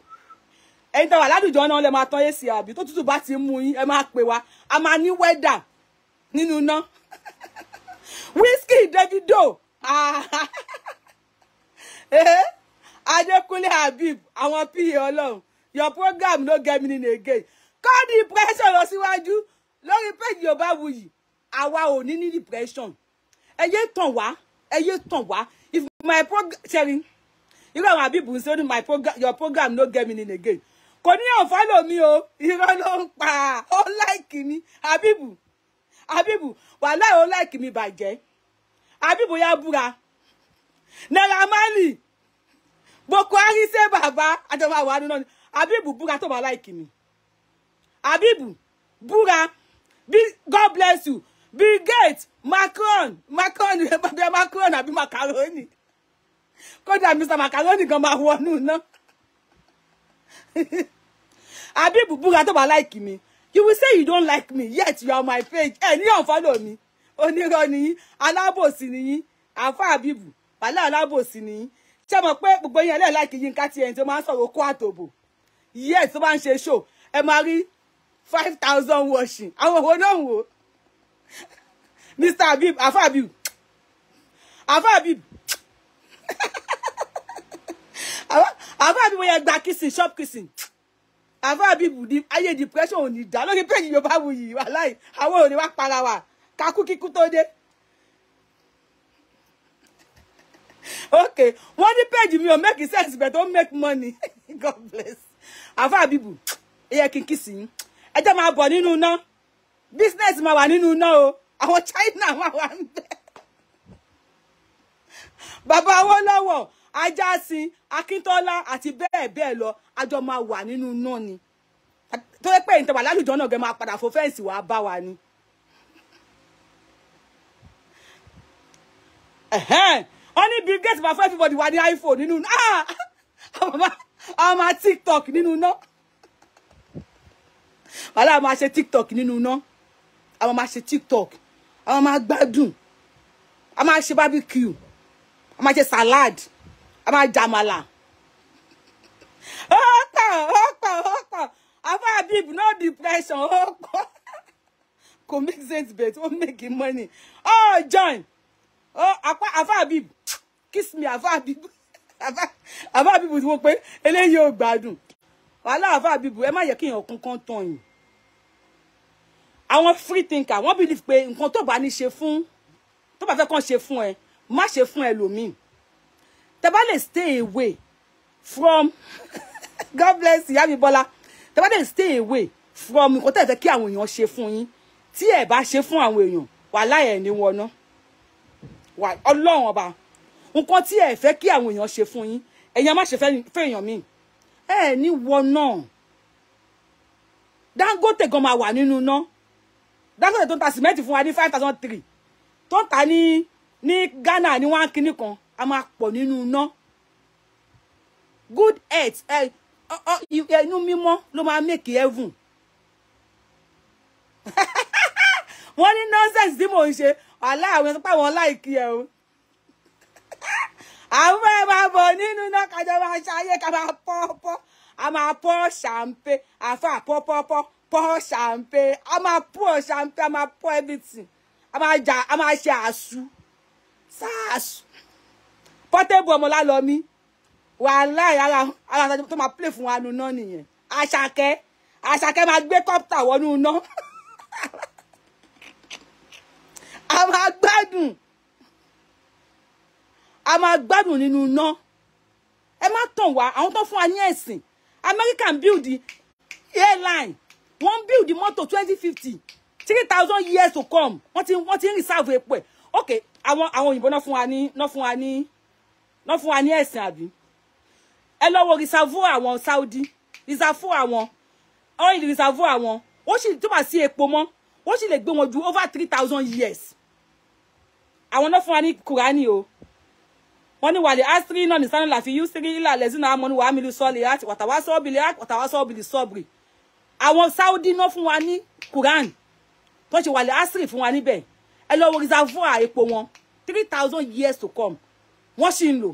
ẹ̀yin tẹ́ wà ládùjọ náà lẹ máa tán yé sí àbí tó tútù bá ti mú yín ẹ máa pè wá a máa ní wẹ́dà nínú iná Wizkid Davido Adekunle Habib àwọn pa Ọlọ́run your program no get meaning again call the depression lọ síwájú lórí péjì Yorùbáwùyí àwa ò ní ní depression ẹ yé tàn wá ẹ yé tàn wá if my program sharing. You know, my people said my program, your program no get meaning again kò ní unfollow mi o irọ́ ló ń pa ó láìkì mi Habeeb Habeeb wàláì ó láìkì mi bàjẹ́ Habeeb yá búra Naira Marley Boko Haram ṣe bàbá àjọba àwọn àdúrà ni Habeeb búra tó bá láìkì mi Habeeb búra God bless you Bill Gates Macron Macron Macron àbí macaroni kódà Mr Macaroni gan máa wọnú náà. Habib Bura tó bá like me. you will say you don't like me yet you are my page ẹ ní unfollow mi onírọ́ ni alabo alábòsí ni yín àfa Habib wàhálà alábòsí ni yín ṣé mo pé gbogbo yín ẹlẹ́ẹ̀ láìkì yín ká tiẹ̀ tó máa ń sọ̀rọ̀ kó àtòbò yes tó bá ń ṣe show ẹ máa rí five thousand washing àwọn òwò náà wò Mr Habib àfa Habib àfa Habib àbá àbí mo yẹ gba kissing shop kissing àbá àbí ayé depression ò ní dá lórí péjì yorùbá wù yìí wà láì àwọn òní wá para wa kakú kíkú tó dé. ok wọ́n ní péjì mi ò make sense but don't make money god bless àbá àbí bù ẹ yẹ kí n kìsì yín ẹ jẹ́ máa bọ̀ nínú iná business máa wà nínú iná o àwọn China máa wà ń bẹ̀ bàbá owó lọ́wọ́ ajásin akíntọ́lá àti bẹ́ẹ̀ bẹ́ẹ̀ lọ a jọ máa wà nínú náà ni tó yẹ pé ìtẹ̀wà lálùjọ náà gẹ̀ máa padà fò fẹ́ǹsì wàá bá wa ni. ó ní Bill Gates bá fún everybody wà ní iPhone nínú náà ah! àwọn máa TikTok nínú náà wàhálà àwọn máa ṣe TikTok nínú náà àwọn máa ṣe TikTok àwọn máa gbádùn àwọn máa ṣe barbecue àwọn máa ṣe salad a máa jàmàlà ó pọ̀ ó pọ̀ ó pọ̀ afa abib no depression ó pọ̀ kò make sense bet ó make him money ó oh, join ó apá afa abib kiss me afa abib afa abib ti wo pé eléyìí ò gbádùn wàhálà afa abib ẹ má yẹ kí èèyàn kún kán tàn yìí àwọn free thinker wọ́n believe pé nǹkan tó bá ní ṣe fún tó bá fẹ́ kàn ṣe fún ẹ má ṣe fún ẹlòmíì tẹ bá lè stay away from god bless ìyá mi bọ́lá tẹ bá lè stay away from nǹkan tẹ̀ fẹ́ kí àwọn èèyàn ṣe fún yín tí ẹ bá ṣe fún àwọn èèyàn wà láyẹ̀ ní wọná wà ọlọ́run ọba nǹkan tí ẹ fẹ́ kí àwọn èèyàn ṣe fún yín ẹ̀yin má ṣe fẹ́ èèyàn míì ẹ ní wọná dangote gan máa wà nínú iná dangote tó ta sìmẹ́ǹtì fún wa ní five thousand three tó ń ta ní ní ghana ní one kìíní kan a máa pọ̀ nínú iná good health inú mímọ́ ló máa make heaven wọ́n ní nonsense tí mò ń ṣe wàhálà àwọn ẹni pàwọn láìkí ẹ o àwọn ẹ máa bọ̀ nínú iná kájọ máa ṣayé ká máa pọ́ pọ́ a máa pọ́ ṣàǹpé àfa pọ́ pọ́ pọ́ pọ́ ṣàǹpé a máa pọ́ ṣàǹpé a máa pọ́ everything a máa jà a máa ṣe àṣù sáàṣù Portable ọmọ Lálọ́mí wàhálà ara ara tó máa play fún wa nu náà nìyẹn Àṣàkẹ́ Àṣàkẹ́ máa gbé kọ́pítà wọnú iná a máa gbádùn a máa gbádùn nínú iná ẹ má tàn wá àwọn tó fún wa ní ẹ̀sìn American build airline wọ́n build mọ́tò twenty fifty three thousand years to come wọ́n ti wọ́n ti ń reserve epo ẹ̀ ok àwọn àwọn òyìnbó náà fún wa ní náà fún wa ní lọ́ fún wa ní ẹ̀sìn àbí ẹ lọ́wọ́ rìsàvó àwọn Saudi rìsàvó àwọn oil rìsàvó àwọn ó sì túmọ̀ sí epo mọ́ ó sì lè gbé wọn ju over three thousand years àwọn náà fún wa ní Kùránì o wọ́n ní wàlẹ̀ astri náà nìsánú làfi yusri ilà lẹ́sìn náà mọ́ni wàá mílù sọ́ọ̀lì àti wàtàwá sọ́ọ̀bìlì wàtàwá sọ́ọ̀bìlì sọ́ọ̀bìlì àwọn Saudi náà fún wa ní Quran tó ṣe wàlẹ̀ astri fún wa níbẹ̀ ẹ lọ́wọ́ reservoir epo wọn three thousand years to come wọ́n sì ń lò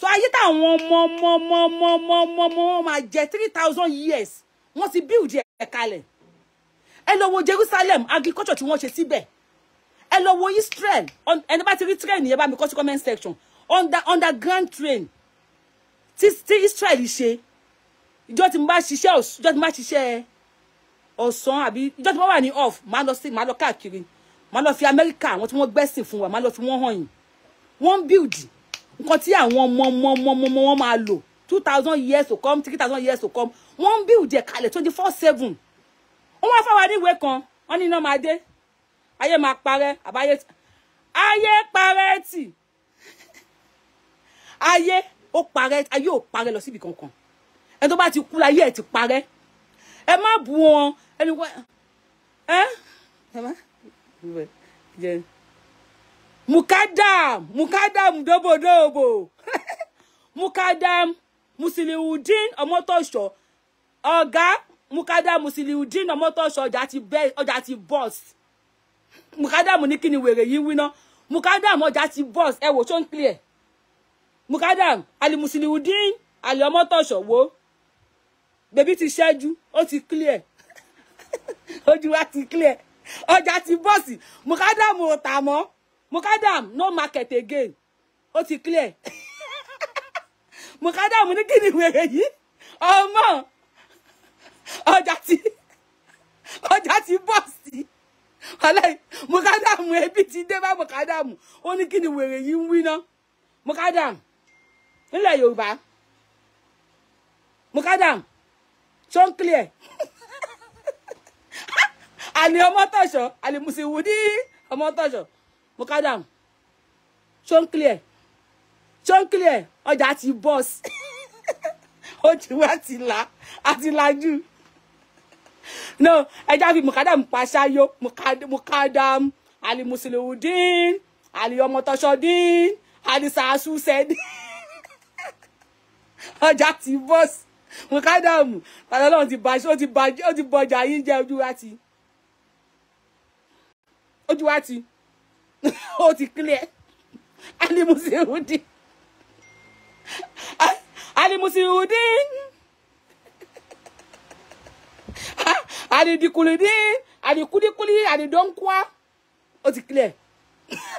so ayé táwọn ọmọ ọmọ ọmọ ọmọ ọmọ ọmọ ọmọ wọn máa jẹ three thousand years wọ́n ti build ẹ̀ kalẹ̀ ẹ lọ wo Jerusalem agriculture tí wọ́n ṣe síbẹ̀ ẹ lọ wo Israel ẹni bá ti rí train yẹn bá mi kọ́ sí comment section under underground train tí tí Israel ṣe ìjọ tí mo bá ṣiṣẹ́ ìjọ tí mo bá ṣiṣẹ́ ọ̀sán àbí ìjọ tí mo bá wà ní off máa lọ sí máa lọ káàkiri máa lọ fi Amẹ́ríkà àwọn tí wọ́n gbẹ́sìn fún wa máa lọ fi wọ́n hàn yìí wọ́n build nǹkan tí àwọn ọmọ ọmọ ọmọ ọmọ wọn máa lò two thousand years to come three thousand years to come wọ́n build ẹ̀ kalẹ̀ twenty four seven wọ́n wá fáwọn aníwèé kan wọ́n ní iná máa dé ayé máa parẹ́ àbáyé ayé parẹ́ tì ayé ó parẹ́ ayé ò parẹ́ lọ síbi kankan ẹni tó bá ti kú láyé ẹ̀ ti parẹ́ ẹ má bú wọn ẹni wọ́n ẹ má. Mukadam, Mukadam Dobodobo, Mukadam Musiliudin Omotosho, Ọ̀gá Mukadam Musiliudin Omotosho ọjà ti bẹ́ ọjà ti bọ́s. Mukadam ní kíni wèrè yìí wíná. Mukadam ọjà ti bọ́s ẹ wò tó clear. Mukadam Ali Musiliudin Ali Omotosho wo. Bèbí ti ṣẹ́jú, ó ti clear. Ojú wa ti clear. Ọjà ti bọ́ọ̀sì, Mukadam ò tà mọ́. Mukadam no market again ó ti clear Mukadam ní kí ni wèrè yìí ọmọ ọjà tí ọjà tí bọ̀ sí ọlẹ́yìn Mukadam ebi ti dé bá Mukadam ó ní kí ni wèrè yìí ń wí ná Mukadam nílẹ̀ Yorùbá Mukadam So clear àní ọmọ tọ̀ṣọ́ àlè mùsùlùmí ọmọ tọ̀ṣọ́ mo ká dáhùn ṣó ń clear ṣó ń clear ọjà ti bọ́ọ̀sì ó ti wá ti là á ti lajú no ẹja fi mukadam paṣayo mukadam ali musiliudin ali ọmọtọṣọdin ali sàásùsẹdin ọjà ti bọ́ọ̀sì mukadam tàbí ọlọ́run ti bàjẹ́ ó ti bàjẹ́ ó ti bọjà yín jẹ́ ojú wa ti ojú wa ti ó ti clear alimusirudin alimusirudin alidikulidin alikulikuli alidonkwa ó ti clear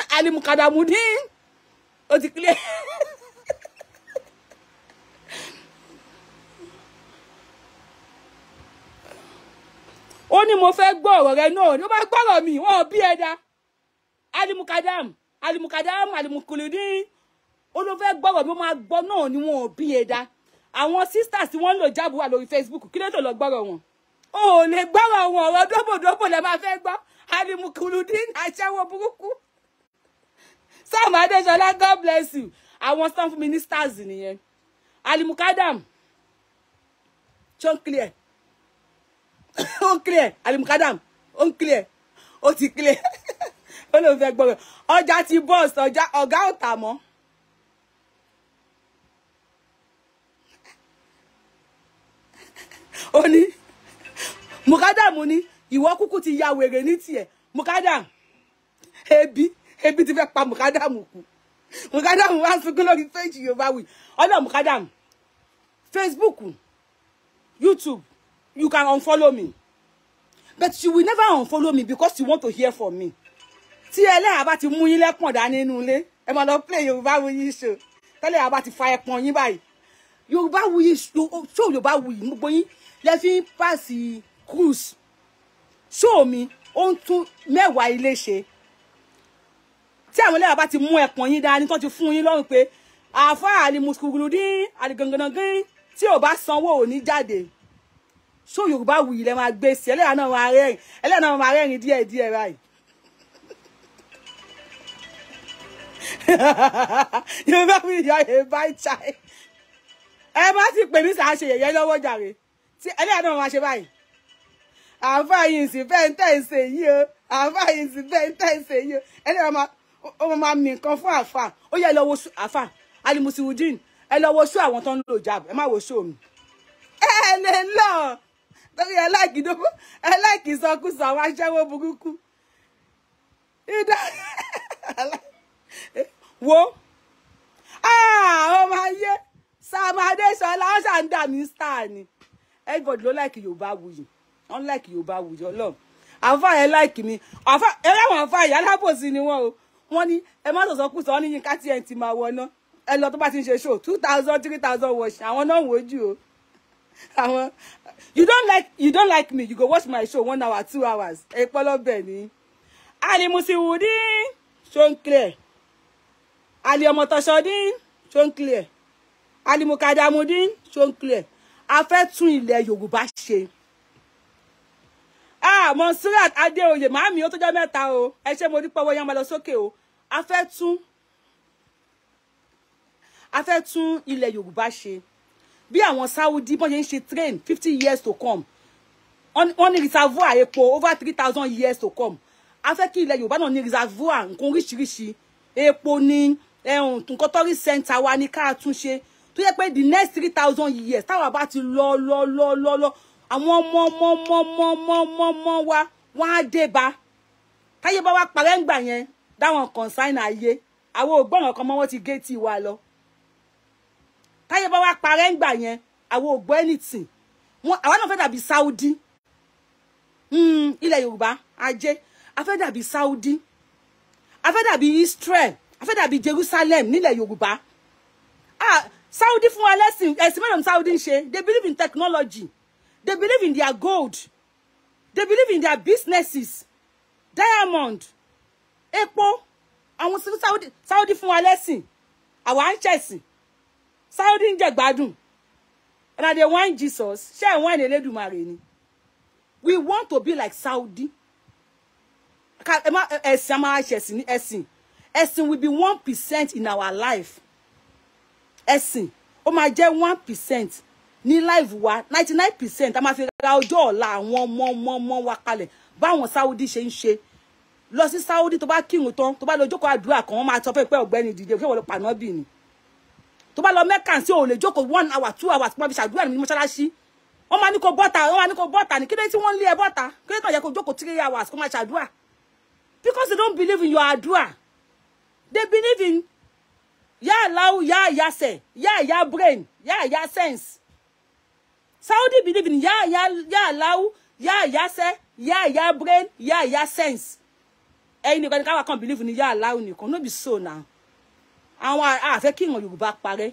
alimukadamudin ó ti clear. ó ní mo fẹ́ gbọ́ ọ̀rọ̀ rẹ náà ló bá gbọ́rọ̀ mi wọ́n bí ẹ̀dá alimukadam alimukadam alimukuludin olùfẹ́ gbọ́rọ̀ mi máa gbọ́ náà ni wọn ò bí e dá àwọn sisters tí wọ́n ń lò jáàbù wà lórí facebook kí ló tó lọ gbọ́rọ̀ wọn ò lè gbọ́rọ̀ wọn ọ̀rọ̀ dóbòdóbò lè máa fẹ́ gbọ́ alimukuludin aṣẹ́wó burúkú sam adesola god bless you àwọn staff ministers nìyẹn alimukadam ṣó ń clear clear alimukadam ó ń clear ó ti clear. ó lóun fẹ́ gbọ́ ọjà ti bọ́ọ̀sì ọjà ọ̀gá ọ̀tà mọ́. ó ní mukadam ní ìwọ kúkú ti ya wèrè ní tiẹ̀ mukadam ebi ebi ti fẹ́ pa mukadam kú mukadam wá sunkún lórí fèjì yorùbá wì ọ̀dọ̀ mukadam facebook youtube you can unfollow me but you will never unfollow me because you want to hear from me tí ẹlẹ́yà bá ti mú yín lẹ́pọ̀n dání nínú ilé ẹ máa lọ play yorùbá wuyì show tẹ́lẹ̀ àbá ti fa ẹpọ̀n yín báyìí yorùbá wuyì show yorùbá wuyì gbogbo yín lẹ fi ń cruise show mi ó ń tún mẹ́wàá ilé ṣe tí àwọn ẹlẹ́yà bá ti mú ẹpọ̀n yín dání tó ti fún yín lọ́rùn pé àfa àlìmùsùkùrù dín àlìganganagán tí ò bá sanwó ò ní jáde show yorùbá wuyì lẹ máa gbé sí ẹlẹ́yà náà máa rẹ́rìn ẹlẹ́yà náà máa rẹ́rìn díẹ̀díẹ̀ báyìí. yorùbá mi ìyá yẹn bá ìjà ẹ ẹ má ti pè mí sàá ṣe yẹ̀yẹ́ lọ́wọ́ jàre tí ẹlẹ́yà náà máa ṣe báyìí àǹfààyàn sì bẹ́ẹ̀ ń tẹ̀ ń ṣe yìí o àǹfààyàn sì bẹ́ẹ̀ ń tẹ̀ ń ṣe yìí o ẹlẹ́yà máa ó máa mì nǹkan fún àfà ó yẹ lọ wo àfà alimusiwudin ẹ lọ wo ṣó àwọn tó ń lò jab ẹ má wo ṣó mi ẹ lè lọ torí ẹ láìkì dókú ẹ láìkì sọkúsọ àwọn aṣẹ́wó burúkú ìdá. wo ah, ọmọ ayé Sam Adéṣọlá ó ṣà ń dà mí star ni everybody ló like Yorùbá wuyì wọn like Yorùbá wuyì Ọlọ́run àfa ẹ like mi àfa ẹlẹ́wọ̀n àfa ìyá alábòsí ni wọn o wọn ní ẹ má sọ̀sọ̀ kù sọ wọn ní yín ká tiẹ̀ ti máa wọná ẹ lọ tó bá ti ń ṣe show two thousand three thousand watch àwọn náà wojú o àwọn you don't like you don't like me you go watch my show one hour two hours ẹ pọlọ bẹ́ẹ̀ ni alimusiwudi ṣó ń clear ali ọmọ tọṣọdín ṣó ń clear ali mukadamudin ṣó ń clear a fẹ́ tún ilẹ̀ yorùbá ṣe ah monserrat adéoyè màámi ó tó jẹ́ mẹ́ta o ẹ ṣe mo dúpẹ́ owó yẹn máa lọ sókè o a fẹ́ tún a fẹ́ tún ilẹ̀ yorùbá ṣe bí àwọn saudi bọ́n ṣe ń train fifty years to come wọ́n ní reservoir epo over three thousand years to come a fẹ́ kí ilẹ̀ yorùbá náà ní reservoir nǹkan oríṣiríṣi epo ní ẹ̀hún nǹkan tọ́rí center wa ni ká tún ṣe tó yẹ pé the next three thousand years táwa bá ti lọ lọ lọ lọ lọ àwọn ọmọ ọmọ ọmọ ọmọ ọmọ ọmọ ọmọ wa wọn á dé ba táyé bá wá parẹ́ ń gbà yẹn dáwọn consign ayé àwọn ògbọ́ràn kan mọ́ wọ́n ti géètì wa lọ táyé bá wá parẹ́ ń gbà yẹn àwọn ògbọ́ anything wọn àwa náà fẹ́ dàbí Saudi hmm, ilẹ̀ Yorùbá ajé a dàbí Saudi a fẹ́ dàbí Israel afẹ́ dàbí Jerusalem nílẹ̀ Yorùbá ah Saudi fún wa lẹ́sìn ẹ̀sìn mẹ́rin Saudi ń ṣe they believe in technology they believe in their gold they believe in their businesses diamond epo àwọn Saudi Saudi fún wa lẹ́sìn àwa ń ṣẹ̀sìn Saudi ń jẹ̀gbádùn and they want Jesus ṣé ẹ̀ wọ́n ẹ̀ lẹ́dùnmarè ni we want to be like Saudi ẹ̀sìn a máa ṣẹ̀sìn ní ẹ̀sìn ẹ̀sìn will be one percent in our life ẹ̀sìn ó máa jẹ́ one percent ní life wa ninety nine percent a máa fi ra ọjọ́ ọ̀la àwọn ọmọ ọmọ ọmọ wa kalẹ̀ báwọn Saudi ṣe ń ṣe lọ sí Saudi tó bá kírun tán tó bá lọ jókòó àdúrà kan wọ́n máa sọ fún ẹ pé ọ̀gbẹ́ni dìde kí wọ́n lọ pàná bì ni tó bá lọ Mẹ́kà sí òòlè jókòó one hour two hours wọ́n fi ṣàdúrà ní mọ́ṣáláṣí wọ́n máa ní kó bọ́ta wọ́n máa ní kó bọ́ta ní kílódé tí wọ́n ń lé ẹ bọ́ta kílódé tó yẹ kó jókòó three hours kó máa ṣàdúrà because they don't believe in your àdúrà they believe in say, yàyàsẹ̀ yàyà brain yàyà sense Saudi believe in say, yàyàsẹ̀ yàyà brain yàyà sense Eh, nìkan ni káwa kan believe in ni yàláwù nìkan no be so now. na àwọn àfẹ́ kí ìran Yorùbá parẹ́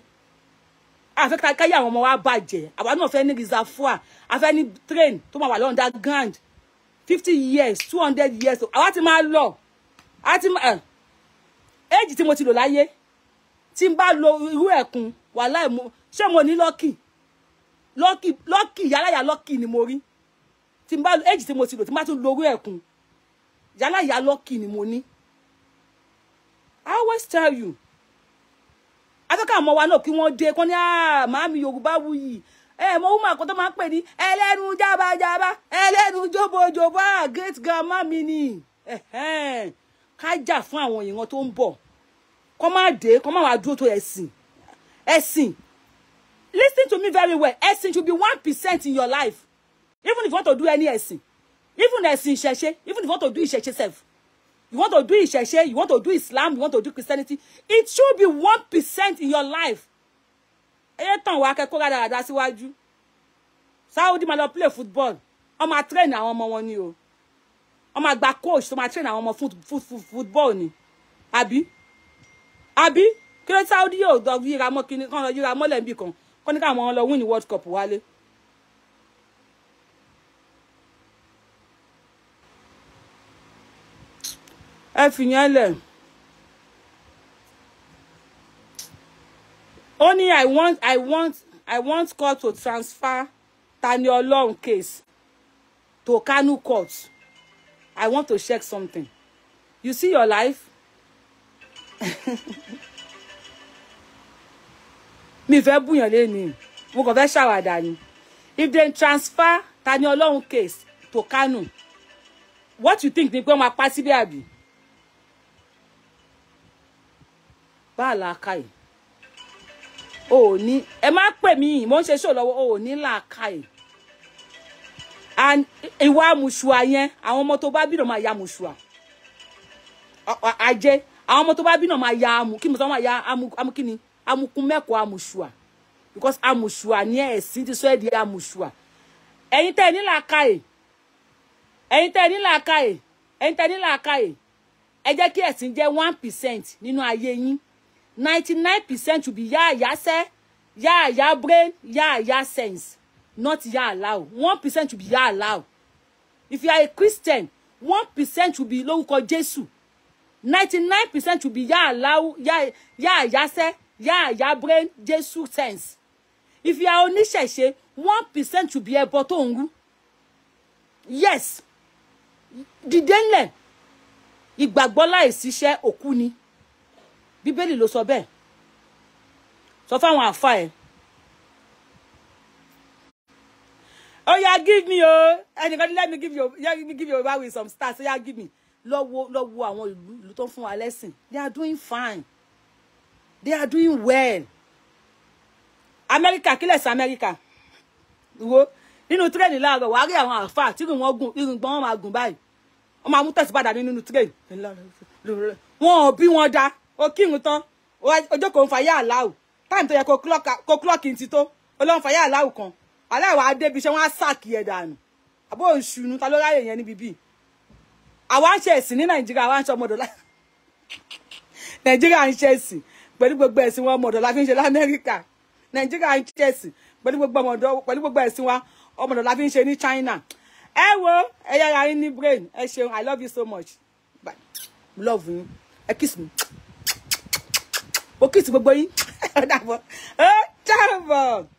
àfẹ́ káyé àwọn ọmọ wa bàjẹ́ àwa náà fẹ́ ní reservoir àfẹ́ ní train tó máa wà lọ́ndà grand fifty years two hundred years àwa ti máa lọ àwa ti máa éèjì tí mo ti lò láyé tí n bá lo irú ẹ̀kún wàhálà ìmú ṣé mo ní lọ́kì lọ́kì lọ́kì yálàyà lọ́kì ni mo rí tí n bá lo éèjì tí mo ti lò tí n bá tún lo irú ẹ̀kún yálàyà lọ́kì ni mo ní. I always tell you akẹ́kọ̀ọ́ àmọ́ wa náà kí wọ́n dé kán ní ah, màámi yorùbá wuyì ẹ mọ ohun àkọ́ tó máa ń pè ní ẹlẹ́nu jábájábá ẹlẹ́nu jóbojóbá great grandma mi ni. eh ká jà fún àwọn èèyàn tó ń bọ̀ kọ́ má dé kọ́ má wàá dúró tó ẹ̀sìn ẹ̀sìn listen to me very well ẹ̀sìn should be one percent in your life even if you want to do any ẹ̀sìn even ẹ̀sìn ìṣẹ̀ṣe even if you want to do ìṣẹ̀ṣe sef you want to do ìṣẹ̀ṣe you want to do Islam you want to do Christianity it should be one percent in your life ẹyẹ tàn wá akẹ́kọ̀ọ́ rádaràda síwájú Saudi máa play football ọmọ train àwọn ọmọ wọn ni o wọ́n máa gba coach tó máa train àwọn ọmọ football ni àbí àbí kí ló sáúdí yóò dọ yíra mọ́ kíní kán lọ yíra mọ́lẹ̀ níbì kan kó ní káwọn lọ win world cup wálé. ẹ fìyẹn lẹ̀. ó ní i want i want i want court to transfer Tani case to Kanu court. I want to check something. You see your life? mi fẹ́ búyàn lẹ́ni mo kàn fẹ́ ṣàwàdà ni if they transfer Tani Olohun case to Kanu what you think ni pé ma máa pa abi? Ba la kai. o ni ní ẹ má pè mí mo ń ṣe ṣò o ò ní làákàyè and ìwà mùsùà yẹn àwọn ọmọ tó bá bí máa ya mùsùà ajé àwọn ọmọ tó bá bí náà máa ya amù kí ni ya amù kí ni amukun mẹ́kọ̀ọ́ amùsùà because amùsùà ní ẹ̀sìn ti sọ ẹ̀ di amùsùà ẹ̀yin tẹ́ ẹ ní làákàyè ẹ̀yin tẹ́ ẹ ní làákàyè ẹ̀yin tẹ́ ẹ ní làákàyè ẹ jẹ́ kí ẹ̀sìn jẹ́ one percent nínú ayé yín ninety nine percent will be yáàyá sẹ́ yáàyá brain yáàyá sense not yah allow one percent should be yah allow if you are a Christian one percent should be lórúkọ Jésù ninety nine percent should be yah allow yah yah yasẹ yah yah brain Jésù sense if you are oníṣẹ̀ṣe one percent should be ẹbọ tó ń rú yes dìde ńlẹ̀ ìgbàgbọ́ láìsíṣẹ́ òkú ni bíbélì ló sọ bẹ́ẹ̀ sọ fáwọn àfa ẹ̀ oh yeah give me oh, and you gotta let me give you let me give you about with some stars so oh, yeah give me lọ wo lọ wo àwọn ìlú ìlú tó ń fún they are doing fine they are doing well America, kill us, America. wo nínú tírẹ̀nì láàárọ̀ wàá rí àwọn àáfàá tí irun wọn gùn irun gbọ́n wọn máa gùn báyìí wọn máa mú tẹ̀sípadà nínú tírẹ̀nì wọn ò bí wọn da o kírun tán ọjọ́ kò ń fa yá àláwù Time to yẹ kó clock clock, in ti tó olóhùn fa yá àláwù kan aláìwá débi iṣẹ́ wọn á sàkì ẹ̀ dànù àbó òṣùnú ta ló ráyè yẹn níbi bíi àwa ń ṣe ẹ̀sìn ní nàìjíríà àwa ń ṣe ọmọdọ̀ láì nàìjíríà ń ṣe ẹ̀sìn gbogbo ẹ̀sìn wọn ọmọdọ̀ la fi ń ṣe lamẹ́ríkà nàìjíríà ń ṣe ẹ̀sìn gbogbo ọmọdọ̀ pẹ̀lú gbogbo ẹ̀sìn wa ọmọdọ̀ la fi ń China ẹ wo ẹ yára yín brain ẹ ṣeun I love you so much bye love yín ẹ kiss me mo kiss gbogbo yín ẹ dàbọ̀ ẹ jábọ̀.